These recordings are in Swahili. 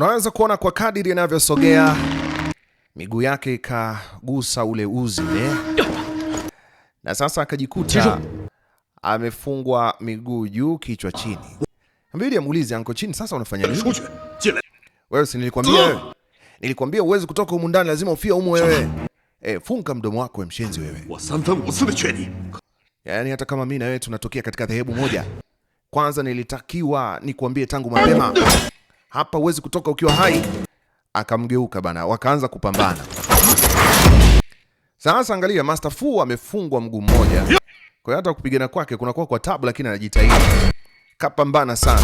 Unaweza kuona kwa kadiri inavyosogea miguu yake ikagusa ule uzi ne? na sasa akajikuta amefungwa miguu juu, kichwa chini. Mbidi amuulize anko chini, sasa unafanya nini wewe? Si nilikwambia wewe? nilikwambia uwezi kutoka humu ndani, lazima ufie humu wewe. Eh, funga mdomo wako wewe mshenzi wewe. Yaani hata kama mimi na wewe tunatokea katika dhehebu moja, kwanza nilitakiwa nikwambie tangu mapema hapa huwezi kutoka ukiwa hai. Akamgeuka bana, wakaanza kupambana. Sasa angalia, Master Fu amefungwa mguu mmoja, kwa hiyo hata kupigana kwake kunakuwa kwa tabu, lakini anajitahidi, kapambana sana.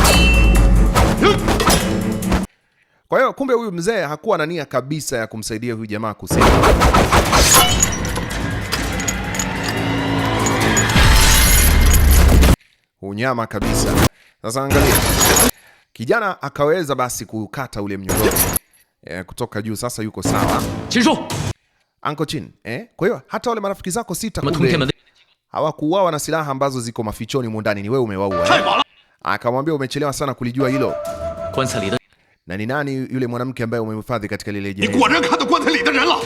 Kwa hiyo kumbe huyu mzee hakuwa na nia kabisa ya kumsaidia huyu jamaa kusema unyama kabisa. Sasa angalia Kijana akaweza basi kukata ule mnyororo eh, kutoka juu. Sasa yuko sawa Anko Chin eh. Kwa hiyo hata wale marafiki zako sita kule hawakuuawa na silaha ambazo ziko mafichoni mwa ndani, ni wewe umewaua. Eh? Akamwambia umechelewa sana kulijua hilo. Na ni nani yule mwanamke ambaye umemhifadhi katika lile jeneza?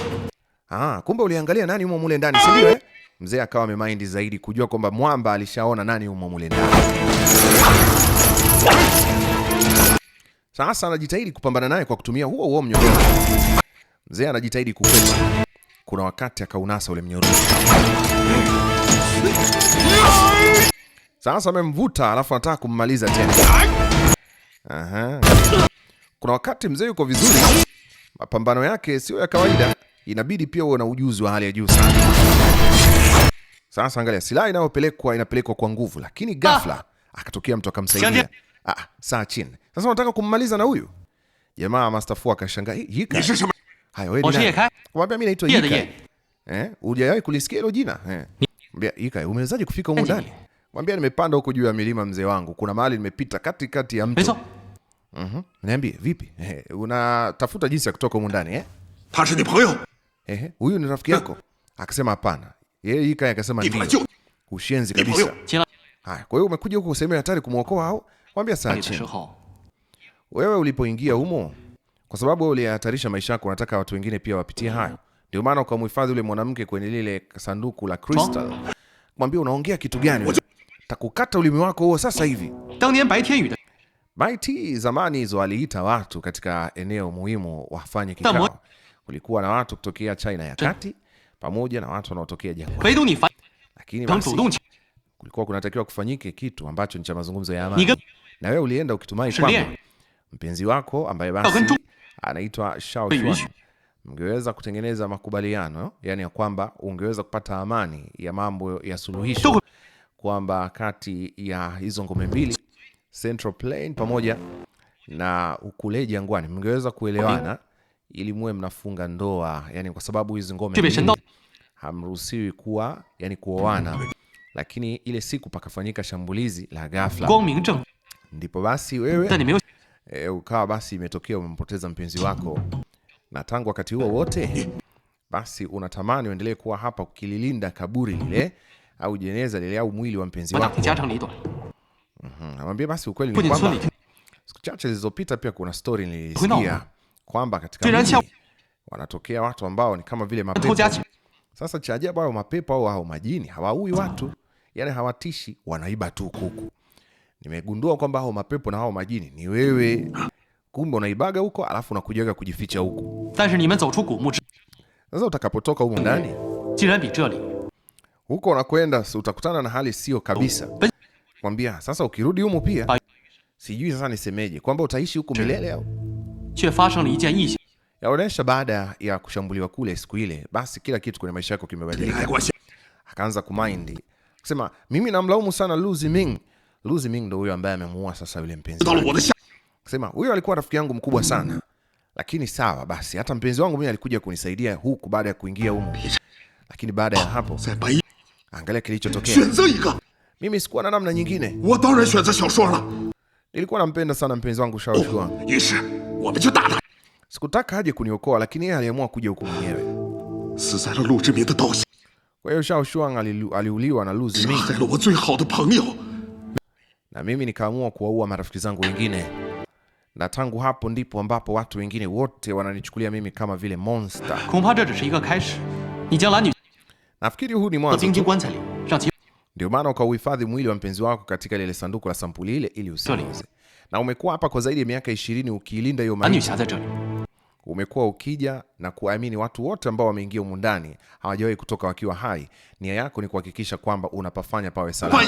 Ah, kumbe uliangalia nani umo mule ndani, si ndio? Eh? Mzee akawa amemind zaidi kujua kwamba mwamba alishaona nani umo mule ndani. Sasa anajitahidi kupambana naye kwa kutumia huo huo mnyororo. Mzee anajitahidi kukwepa. Kuna wakati akaunasa ule mnyororo. Sasa amemvuta alafu anataka kummaliza tena. Aha. Kuna wakati mzee yuko vizuri, mapambano yake sio ya kawaida, inabidi pia uwe na ujuzi wa hali ya juu sana. Sasa angalia, silaha inayopelekwa inapelekwa kwa nguvu, lakini ghafla ah. akatokea mtu akamsaidia. Ah, ah, saa chini sasa unataka kummaliza na huyu jamaa? Mastafu akashangaa, haya wewe ni unamwambia oh, mimi naitwa Yika eh, hujawahi kulisikia hilo jina eh? Mwambia Yika, umewezaje kufika huko ndani? Mwambia nimepanda huko juu ya milima mzee wangu, kuna mahali nimepita katikati ya mto. Mhm, niambie vipi, eh, unatafuta jinsi ya kutoka huko ndani eh? Eh, huyu ni rafiki yako? Akasema hapana. Yeye Yika akasema ndio, ushenzi kabisa. Haya, kwa hiyo umekuja huko useme hatari kumuokoa au? Mwambia saa chini wewe ulipoingia humo, kwa sababu wewe ulihatarisha maisha yako, unataka watu wengine pia wapitie hayo. Ndio maana ukamhifadhi yule mwanamke kwenye lile sanduku la crystal. Mwambie unaongea kitu gani? Takukata ulimi wako huo sasa hivi. Bai zamani hizo aliita watu katika eneo muhimu wafanye kikao. Kulikuwa na watu kutokea China ya kati pamoja na watu wanaotokea Japani. Lakini kulikuwa kunatakiwa kufanyike kitu ambacho ni cha mazungumzo ya amani. Na wewe ulienda ukitumai kwamba mpenzi wako ambaye ah, basi anaitwa Shao Xuan, mngeweza kutengeneza makubaliano, yani ya kwamba ungeweza kupata amani ya mambo ya suluhisho, kwamba kati ya hizo ngome mbili Central Plain pamoja na kule jangwani mngeweza kuelewana ili muwe mnafunga ndoa, yani kwa sababu hizi ngome hamruhusiwi kuwa yani kuoana. Mm. Lakini ile siku pakafanyika shambulizi la ghafla, ndipo basi wewe e, ukawa basi imetokea umempoteza mpenzi wako, na tangu wakati huo wote basi unatamani uendelee kuwa hapa ukililinda kaburi lile au jeneza lile au mwili wa mpenzi wako. Mhm, namwambia basi ukweli ni kwamba siku chache zilizopita pia kuna story nilisikia kwamba katika mji wanatokea watu ambao ni kama vile mapepo. Sasa cha ajabu, hao mapepo au hao majini hawaui watu, yale yaani hawatishi, wanaiba tu kuku nimegundua kwamba hao mapepo na hao majini ni wewe, kumbe unaibaga huko alafu unakujaga kujificha huko. Sasa utakapotoka huko ndani huko unakwenda utakutana na hali sio kabisa. Kwambia sasa ukirudi humu pia sijui sasa nisemeje kwamba utaishi huku milele au yaonesha baada ya kushambuliwa kule siku ile, basi kila kitu kwenye maisha yako kimebadilika. Akaanza kumind kusema, mimi namlaumu sana Lu Ziming Lu Ziming ndo huyo ambaye amemuua sasa yule mpenzi. Sema huyo alikuwa rafiki yangu mkubwa sana, lakini sawa basi, hata mpenzi wangu mimi alikuja kunisaidia huku baada ya kuingia humo, lakini baada ya hapo, angalia kilichotokea. Mimi sikuwa na namna nyingine, nilikuwa nampenda sana mpenzi wangu Shao Shuang, sikutaka aje kuniokoa, lakini yeye aliamua kuja huku mwenyewe. Kwa hiyo Shao Shuang aliuliwa na Lu Ziming na mimi nikaamua kuwaua marafiki zangu wengine, na tangu hapo ndipo ambapo watu wengine wote wananichukulia mimi kama vile monster. Nafikiri huu ni mwanzo, ndio maana ukauhifadhi mwili wa mpenzi wako katika lile sanduku la sampuli ile ili usiuze. na umekuwa hapa kwa zaidi ya miaka ishirini ukiilinda hiyo umekuwa ukija na kuamini watu wote ambao wameingia humu ndani hawajawahi kutoka wakiwa hai. Nia yako ni kuhakikisha kwamba unapafanya pawe salama.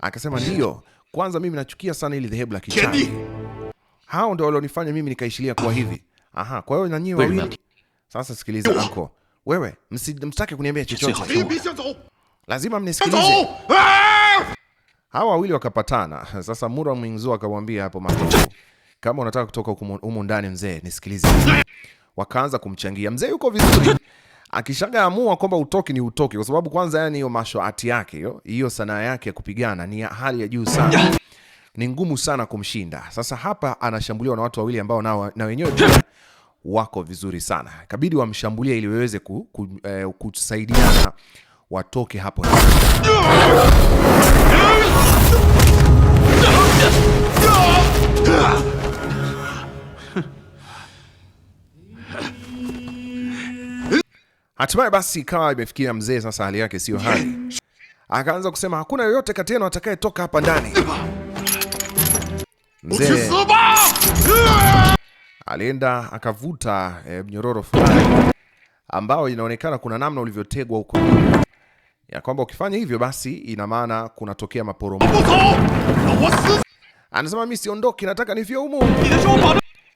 Akasema ndio, kwanza mimi nachukia sana ili dhehebu la kichawi, hao ndio walionifanya mimi nikaishilia kuwa ah. hivi. Aha, kwa hiyo na nyinyi wawili sasa, sikiliza anko wewe, msitake kuniambia chochote, lazima mnisikilize. Ah! Hao wawili wakapatana. Sasa Mura Mwingzu akamwambia hapo mapema, kama unataka kutoka humu ndani mzee, nisikilize. Wakaanza kumchangia mzee, yuko vizuri akishagaamua kwamba utoki ni utoki, kwa sababu kwanza, yani hiyo martial yake hiyo hiyo sanaa yake ya kupigana ni ya hali ya juu sana, ni ngumu sana kumshinda. Sasa hapa anashambuliwa na watu wawili ambao nao na wenyewe wako vizuri sana, kabidi wamshambulie ili waweze ku, ku, eh, kusaidiana watoke hapo. Hatimaye basi ikawa imefikia mzee sasa hali yake siyo hali, akaanza kusema hakuna yoyote kati yenu atakayetoka hapa ndani. Mzee alienda akavuta e, mnyororo fulani ambao inaonekana kuna namna ulivyotegwa huko ya kwamba ukifanya hivyo basi ina maana kunatokea maporomoko. Anasema mimi siondoki, nataka nifie humu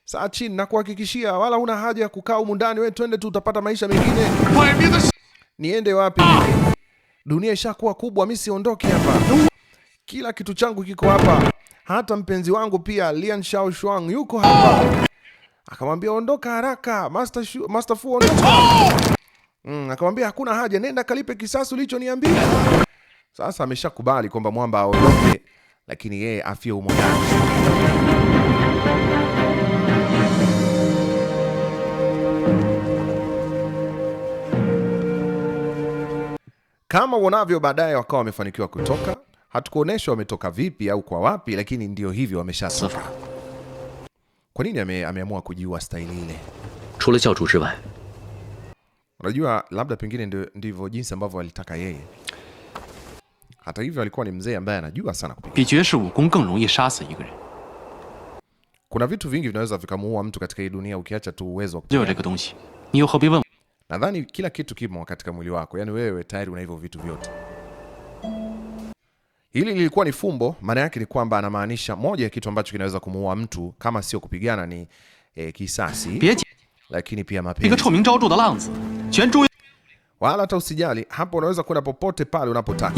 saa chini na kuhakikishia, wala huna haja ya kukaa humu ndani. Wewe twende tu, utapata maisha mengine. Niende wapi? Dunia ishakuwa kubwa, mimi siondoki hapa. Kila kitu changu kiko hapa, hata mpenzi wangu pia Lian Shao Shuang yuko hapa. Akamwambia ondoka haraka Master Shu, Master Fu ondoka. Mm, akamwambia hakuna haja, nenda kalipe kisasi ulichoniambia. Sasa ameshakubali kwamba mwamba aondoke, lakini yeye afie umo ndani. kama uonavyo, baadaye wakawa wamefanikiwa kutoka. Hatukuonyeshwa wametoka vipi au kwa wapi, lakini ndio hivyo, wameshatoka. Kwa nini ame, ameamua kujiua staili ile? Unajua, labda pengine ndivyo jinsi ambavyo alitaka yeye. Hata hivyo, alikuwa ni mzee ambaye anajua sana kupiga. Kuna vitu vingi vinaweza vikamuua mtu katika hii dunia ukiacha tu uwezo wa Nadhani kila kitu kimo katika mwili wako, yani wewe tayari una hivyo vitu vyote. Hili lilikuwa ni fumbo, maana yake ni kwamba anamaanisha moja ya kitu ambacho kinaweza kumuua mtu kama sio kupigana ni eh, kisasi, lakini pia mapenzi. Wala hata usijali, hapo unaweza kwenda popote pale unapotaka.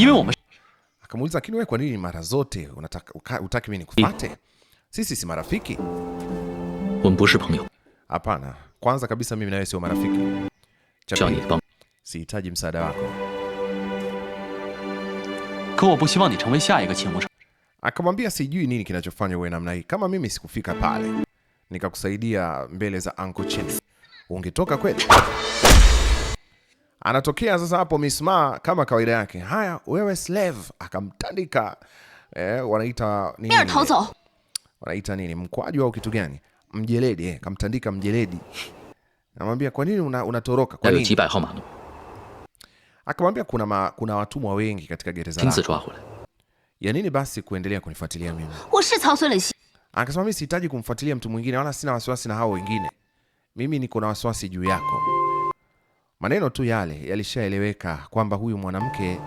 Akamuuliza, lakini wewe kwa nini mara zote unataka utaki mimi nikufuate? Sisi si marafiki. Hapana, kwanza kabisa mimi na wewe sio marafiki. Sihitaji msaada wako. Akamwambia sijui nini kinachofanya uwe namna hii. Kama mimi sikufika pale nikakusaidia mbele za Uncle Chen, ungetoka kweli? Anatokea sasa hapo Misma kama kawaida yake, haya wewe slave, akamtandika eh, wanaita nini? Wanaita nini, mkwaju au kitu gani? Mjeledi eh, akamtandika mjeledi Anamwambia kwa nini unatoroka? Kwa yaani nini? Akamwambia kuna ma, kuna watumwa wengi katika gereza lake. Ya nini basi kuendelea kunifuatilia mimi? Akasema mimi sihitaji kumfuatilia mtu mwingine wala sina wasiwasi na hao wengine. Mimi niko na wasiwasi juu yako. Maneno tu yale yalishaeleweka kwamba huyu mwanamke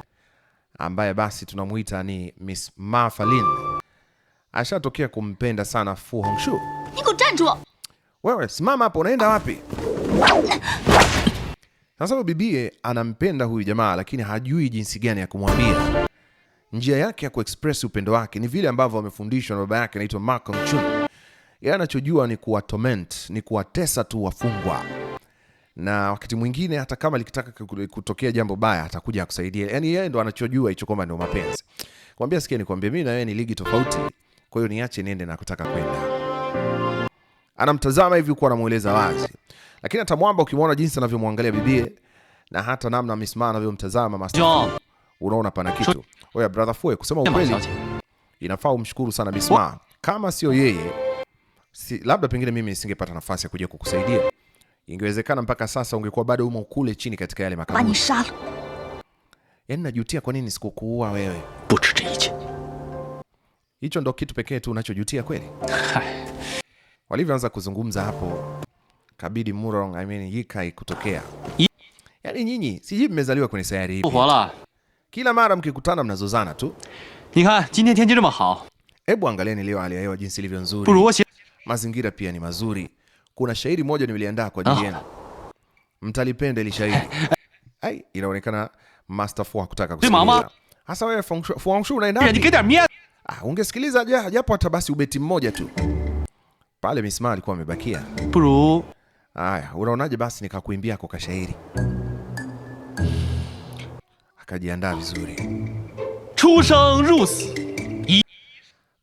ambaye basi tunamuita ni Miss Ma Fangling ashatokea kumpenda sana Fu Hongxue. Wewe simama hapo, unaenda wapi? Sasa bibie anampenda huyu jamaa, lakini hajui jinsi gani ya kumwambia. Njia yake ya kuexpress upendo wake ni vile ambavyo amefundishwa na baba yake, anaitwa Malcolm Chung. Yeye anachojua ni kuwa torment, ni kuwatesa tu wafungwa, na wakati mwingine hata kama likitaka kutokea jambo baya atakuja akusaidia. Yani yeye ndo anachojua hicho kwamba ndio mapenzi. Kwambia sikia, nikwambie mimi na wewe ni ligi tofauti, kwa hiyo niache niende na kutaka kwenda. Anamtazama hivi, kwa, anamweleza wazi lakini hata mwamba ukimwona jinsi anavyomwangalia bibie na hata namna amesimama anavyomtazama Master, unaona pana kitu. Oya brother Fu, kusema ukweli inafaa umshukuru sana Bisma. Kama sio yeye si, labda pengine mimi singepata nafasi ya kuja kukusaidia. Ingewezekana mpaka sasa ungekuwa bado umo kule chini katika yale makaburi. Yaani najutia kwa nini sikukuua wewe. Hicho ndo kitu pekee tu unachojutia kweli? Walivyoanza kuzungumza hapo, kabidi Murong, I mean Yikai kutokea. Yani nyinyi sijui mmezaliwa kwenye sayari ipi. Oh, Kila mara mkikutana mnazozana tu. Hebu angalieni leo hali ya hewa jinsi ilivyo nzuri. Mazingira pia ni mazuri. Kuna shairi moja nimeliandaa kwa ajili ah. yenu. Mtalipenda ile shairi. Ai, inaonekana Master Fu hakutaka kusikiliza. Hasa wewe Fu Hongxue unaenda? Ah, ungesikiliza japo hata basi ubeti mmoja tu. Pale Miss Ma alikuwa amebakia. Haya, unaonaje basi nikakuimbia kwa kashairi? Akajiandaa vizuri.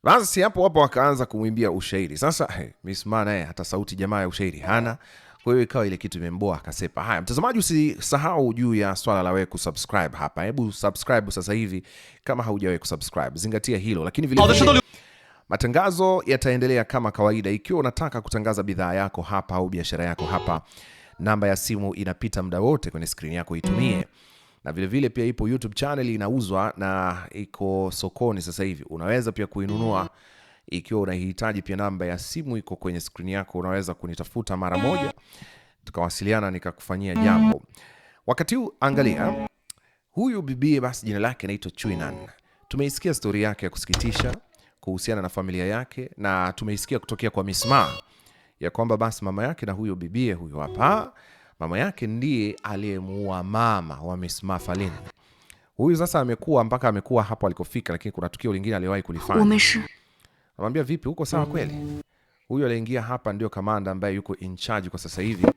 Basi hapo hapo akaanza kumwimbia ushairi. Sasa hey, Misma naye hata sauti jamaa ya ushairi hana. Kwa hiyo ikawa ile kitu imemboa akasepa. Haya, mtazamaji usisahau juu ya swala la wewe kusubscribe hapa. Hebu subscribe sasa hivi kama haujawahi kusubscribe. Zingatia hilo. Lakini vile Matangazo yataendelea kama kawaida. Ikiwa unataka kutangaza bidhaa yako hapa au biashara yako hapa, namba ya simu inapita muda wote kwenye skrini yako, itumie na vile vile pia ipo YouTube channel inauzwa na iko sokoni sasa hivi, unaweza pia kuinunua ikiwa unahitaji. Pia namba ya simu iko kwenye skrini yako, unaweza kunitafuta mara moja tukawasiliana nikakufanyia jambo. Wakati huu angalia, huyu bibie basi jina lake naitwa Chuinan. Tumeisikia stori yake ya kusikitisha kuhusiana na familia yake, na tumeisikia kutokea kwa Misma ya kwamba basi mama yake na huyo bibie huyo hapa, mama yake ndiye aliyemuua mama wa Misma Falini. Huyu sasa amekuwa mpaka amekuwa hapo alikofika, lakini kuna tukio lingine aliyowahi kulifanya. Anamwambia vipi, uko sawa kweli? Huyu aliingia hapa ndio kamanda ambaye yuko in charge kwa sasa hivi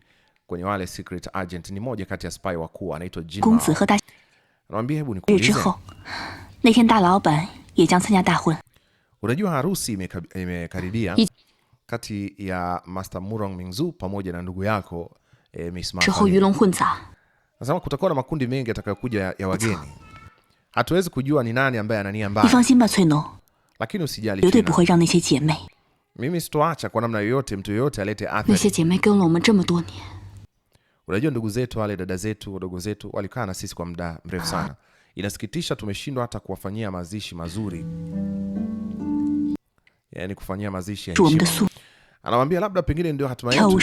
kwenye wale secret agent, ni moja kati ya spy wakuu anaitwa Jin. Anamwambia hebu nikuulize, na Unajua harusi imekaribia kati ya Master Murong Mingzu pamoja na ndugu yako eh, Miss Ma. Nasema kutakuwa na makundi mengi atakayokuja ya wageni. Hatuwezi kujua ni nani ambaye anania mbaya. Lakini usijali. Mimi sitoacha kwa namna yoyote mtu yoyote alete athari. Unajua ndugu zetu wale, dada zetu, wadogo zetu walikaa na sisi kwa muda mrefu ah. sana. Inasikitisha tumeshindwa hata kuwafanyia mazishi mazuri yani kufanyia mazishi ya heshima. Anamwambia labda pengine ndio hatima yetu.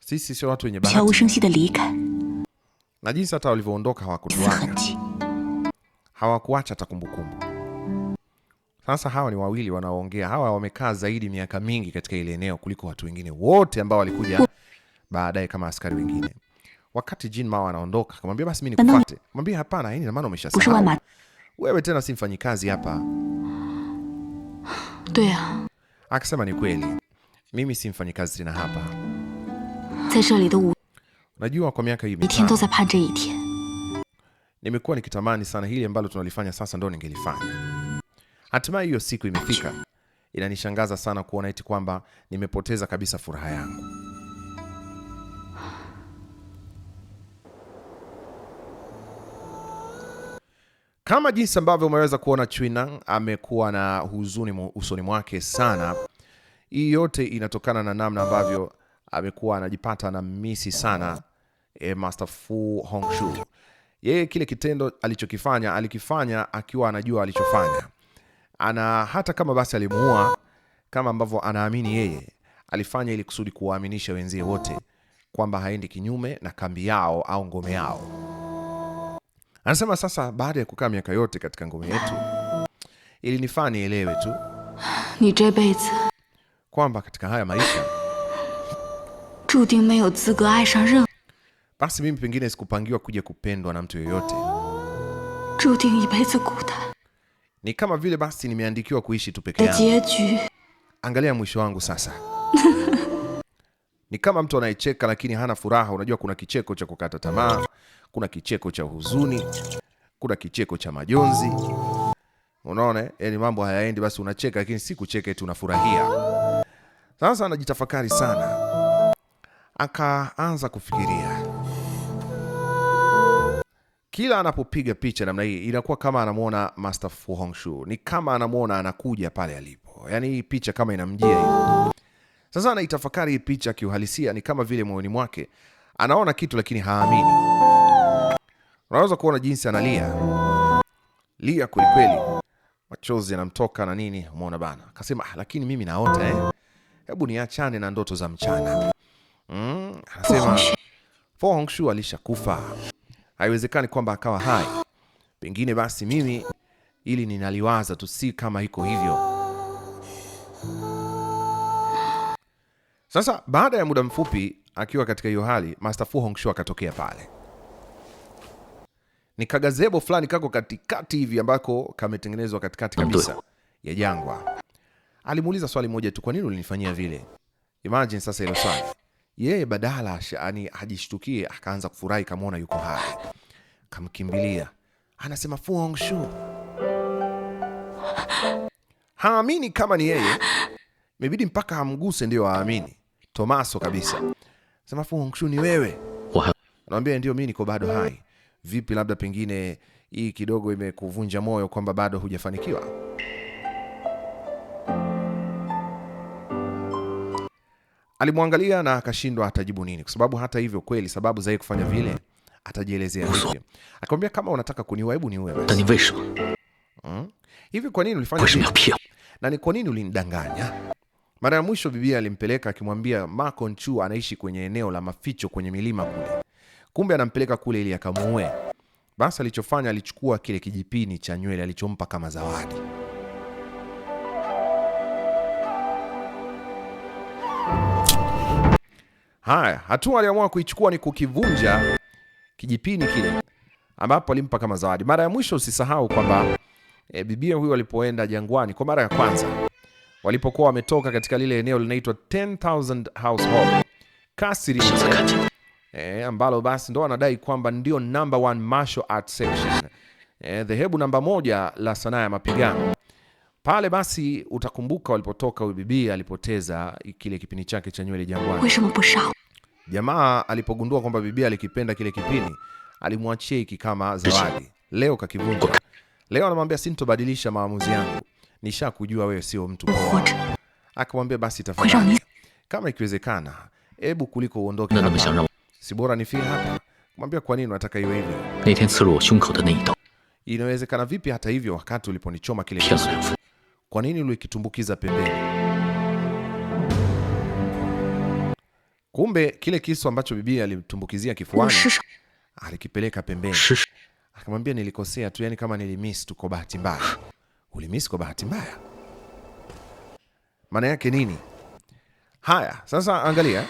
Sisi sio watu wenye bahati. Na jinsi hata walivyoondoka hawakutuacha. Hawakuacha hata kumbukumbu. Sasa hawa ni wawili wanaoongea. Hawa wamekaa zaidi miaka mingi katika ile eneo kuliko watu wengine wote ambao walikuja baadaye kama askari wengine. Wakati Jin Mao anaondoka, akamwambia basi mimi nikufuate. Mwambie hapana, hapana, maana umeshasahau. Wewe tena si mfanyikazi hapa. 对啊，akasema ni kweli, mimi si mfanyikazi tena hapa. kwa miaka nimekuwa nikitamani sana hili ambalo tunalifanya sasa, ndo ningelifanya. Hatimaye hiyo siku imefika. Inanishangaza sana kuona eti kwamba nimepoteza kabisa furaha yangu. Kama jinsi ambavyo umeweza kuona Chwina amekuwa na huzuni usoni mwake sana. Hii yote inatokana na namna ambavyo amekuwa anajipata na misi sana e, Master Fu Hongxue. Yeye kile kitendo alichokifanya alikifanya akiwa anajua alichofanya, ana hata kama basi alimuua kama ambavyo anaamini yeye, alifanya ili kusudi kuwaaminisha wenzie wote kwamba haendi kinyume na kambi yao au ngome yao. Anasema sasa, baada ya kukaa miaka yote katika ngome yetu, ilinifaa nielewe tu kwamba katika haya maisha basi mimi pengine sikupangiwa kuja kupendwa na mtu yoyote, ni kama vile basi nimeandikiwa kuishi tu peke yangu. Angalia mwisho wangu sasa. Ni kama mtu anayecheka lakini hana furaha. Unajua, kuna kicheko cha kukata tamaa kuna kicheko cha huzuni, kuna kicheko cha majonzi. Unaona, yani mambo hayaendi, basi unacheka, lakini si kucheka tu, unafurahia. Sasa anajitafakari sana, akaanza kufikiria kila anapopiga picha namna hii inakuwa kama anamwona Master Fu Hongxue, ni kama anamwona anakuja pale alipo, yani hii picha kama inamjia hivi. Sasa anaitafakari hii picha kiuhalisia, ni kama vile moyoni mwake anaona kitu lakini haamini. Unaweza kuona jinsi analia lia kwelikweli, machozi yanamtoka na nini, umeona bana. Akasema ah, lakini mimi naota eh, hebu niachane na ndoto za mchana. Mm, anasema Fu Hongxue alishakufa, haiwezekani kwamba akawa hai. Pengine basi mimi ili ninaliwaza tu, si kama iko hivyo. Sasa baada ya muda mfupi akiwa katika hiyo hali, Master Fu Hongxue akatokea pale ni kagazebo fulani kako katikati hivi ambako kametengenezwa katikati kabisa ya jangwa. Alimuuliza swali moja tu, kwa nini ulinifanyia vile? Imagine sasa hilo swali. Yeye badala shani ajishtukie akaanza kufurahi kamwona yuko hai, kamkimbilia, anasema Fu Hongxue. Haamini kama ni yeye, imebidi mpaka amguse ndio aamini. Tomaso kabisa, sema Fu Hongxue, ni wewe? Anamwambia ndio, mimi niko bado hai vipi, labda pengine hii kidogo imekuvunja moyo kwamba bado hujafanikiwa? Alimwangalia na akashindwa atajibu nini, kwa sababu hata hivyo kweli sababu za yeye kufanya vile atajielezea vipi. Akamwambia, kama unataka kuniua, hebu niue wewe. Hmm? Hivi kwa nini ulifanya hivyo? Na ni kwa nini ulinidanganya? Mara ya mwisho bibi alimpeleka akimwambia Ma Kongqun anaishi kwenye eneo la maficho kwenye milima kule kumbe anampeleka kule ili akamuue Basi alichofanya alichukua kile kijipini cha nywele alichompa kama zawadi. Haya, hatua aliamua kuichukua ni kukivunja kijipini kile ambapo alimpa kama zawadi. Mara ya mwisho usisahau kwamba e, bibia huyu alipoenda jangwani kwa mara ya kwanza, walipokuwa wametoka katika lile eneo linaitwa 10000 household kasiri eh, ambalo basi ndo anadai kwamba ndio number one martial art section eh, e, dhehebu namba moja la sanaa ya mapigano pale. Basi utakumbuka walipotoka huyu bibi alipoteza kile kipindi chake cha nywele jangwani. Jamaa alipogundua kwamba bibi alikipenda kile kipindi, alimwachia hiki kama zawadi. Leo kakivunja. Leo anamwambia sintobadilisha maamuzi yangu, nishakujua wewe sio mtu poa. Akamwambia basi tafadhali, kama ikiwezekana, hebu kuliko uondoke si bora nifie hapa? Kumwambia kwa nini unataka iwe hivi? Inawezekana vipi hata hivyo wakati uliponichoma kile kisu? Kwa nini ulikitumbukiza pembeni? Kumbe kile kisu ambacho bibi alimtumbukizia kifuani alikipeleka pembeni. Akamwambia nilikosea tu, yani kama nilimiss tu kwa bahati mbaya. Ulimiss kwa bahati mbaya? Maana yake nini? Haya, sasa angalia.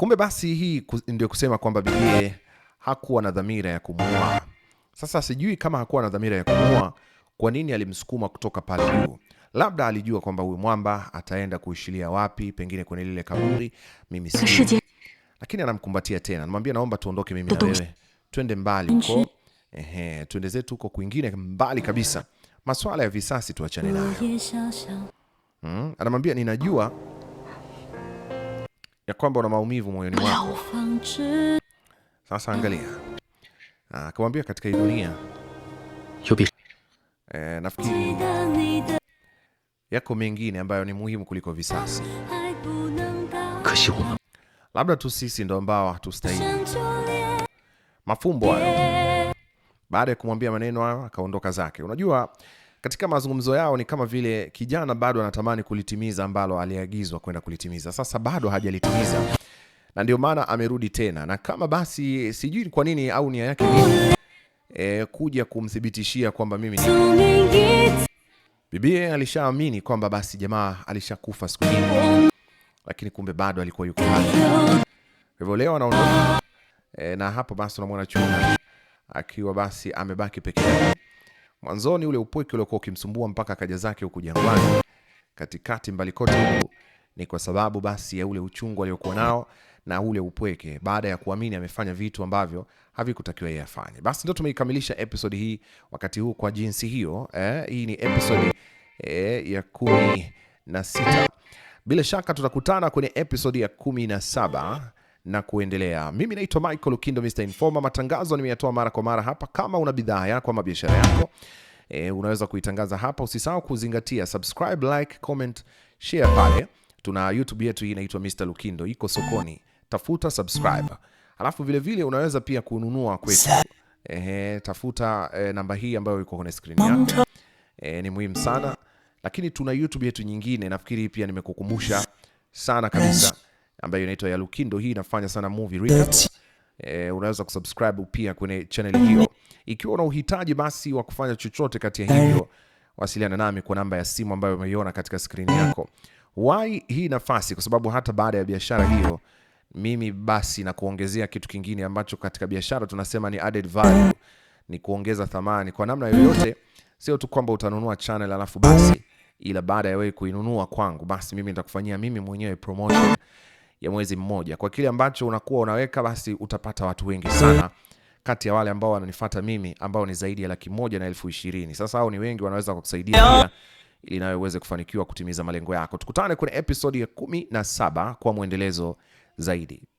Kumbe basi hii ndio kusema kwamba bibie hakuwa na dhamira ya kumuua. Sasa sijui kama hakuwa na dhamira ya kumuua, kwa nini alimsukuma kutoka pale juu? Labda alijua kwamba huyu mwamba ataenda kuishilia wapi, pengine kwenye lile kaburi, mimi si. Lakini anamkumbatia tena, anamwambia naomba tuondoke mimi na wewe, twende mbali huko, ehe, twende zetu huko kwingine mbali kabisa, maswala ya visasi tuachane oh, nayo. Hmm, anamwambia ninajua ya kwamba una maumivu moyoni mwako. Sasa angalia, akamwambia ah, katika hii dunia e, nafikiri yako mengine ambayo ni muhimu kuliko visasi. Labda tu sisi ndo ambao hatustahili mafumbo hayo. Baada ya kumwambia maneno hayo, akaondoka zake. Unajua katika mazungumzo yao ni kama vile kijana bado anatamani kulitimiza ambalo aliagizwa kwenda kulitimiza, sasa bado hajalitimiza na ndio maana amerudi tena, na kama basi, sijui kwa nini au nia yake nini e, kuja kumthibitishia kwamba mimi ni bibie. Alishaamini kwamba basi jamaa alishakufa siku nyingi, lakini kumbe bado alikuwa yuko hai. Hivyo leo anaondoka e, na hapo basi unamwona Chuma akiwa basi amebaki peke yake. Mwanzoni ule upweke uliokuwa ukimsumbua mpaka kaja zake huku jangwani, katikati mbali kote huku, ni kwa sababu basi ya ule uchungu aliokuwa nao na ule upweke, baada ya kuamini amefanya vitu ambavyo havikutakiwa yeye afanye. Basi ndio tumeikamilisha episode hii wakati huu kwa jinsi hiyo eh. Hii ni episode eh, ya kumi na sita. Bila shaka tutakutana kwenye episode ya kumi na saba na kuendelea. Mimi naitwa Michael Lukindo, Mr Informa. Matangazo nimeyatoa mara kwa mara hapa. Kama una bidhaa yako ama biashara yako e, unaweza kuitangaza hapa. Usisahau kuzingatia subscribe, like, comment, share pale. Tuna YouTube yetu hii inaitwa Mr Lukindo, iko sokoni, tafuta subscribe. Alafu vile vile unaweza pia kununua kwetu. Ehe, tafuta e, namba hii ambayo iko kwenye skrini yako. E, ni muhimu sana, lakini tuna YouTube yetu nyingine, nafikiri pia nimekukumbusha sana kabisa ambayo inaitwa ya Lukindo. Hii inafanya sana movie recap. Eh, unaweza kusubscribe pia kwenye channel hiyo. Ikiwa una uhitaji basi wa kufanya chochote kati ya hivyo, wasiliana nami kwa namba ya simu ambayo umeiona katika skrini yako. Why hii nafasi? Kwa sababu hata baada ya biashara hiyo mimi basi na kuongezea kitu kingine ambacho katika biashara tunasema ni added value, ni kuongeza thamani kwa namna yoyote. Sio tu kwamba utanunua channel alafu basi, ila baada ya wewe kuinunua kwangu, basi mimi nitakufanyia mimi mwenyewe promotion ya mwezi mmoja. Kwa kile ambacho unakuwa unaweka, basi utapata watu wengi sana kati ya wale ambao wananifuata mimi ambao ni zaidi ya laki moja na elfu ishirini. Sasa hao ni wengi, wanaweza kukusaidia pia ili nawe uweze kufanikiwa kutimiza malengo yako. Tukutane kwenye episodi ya kumi na saba kwa mwendelezo zaidi.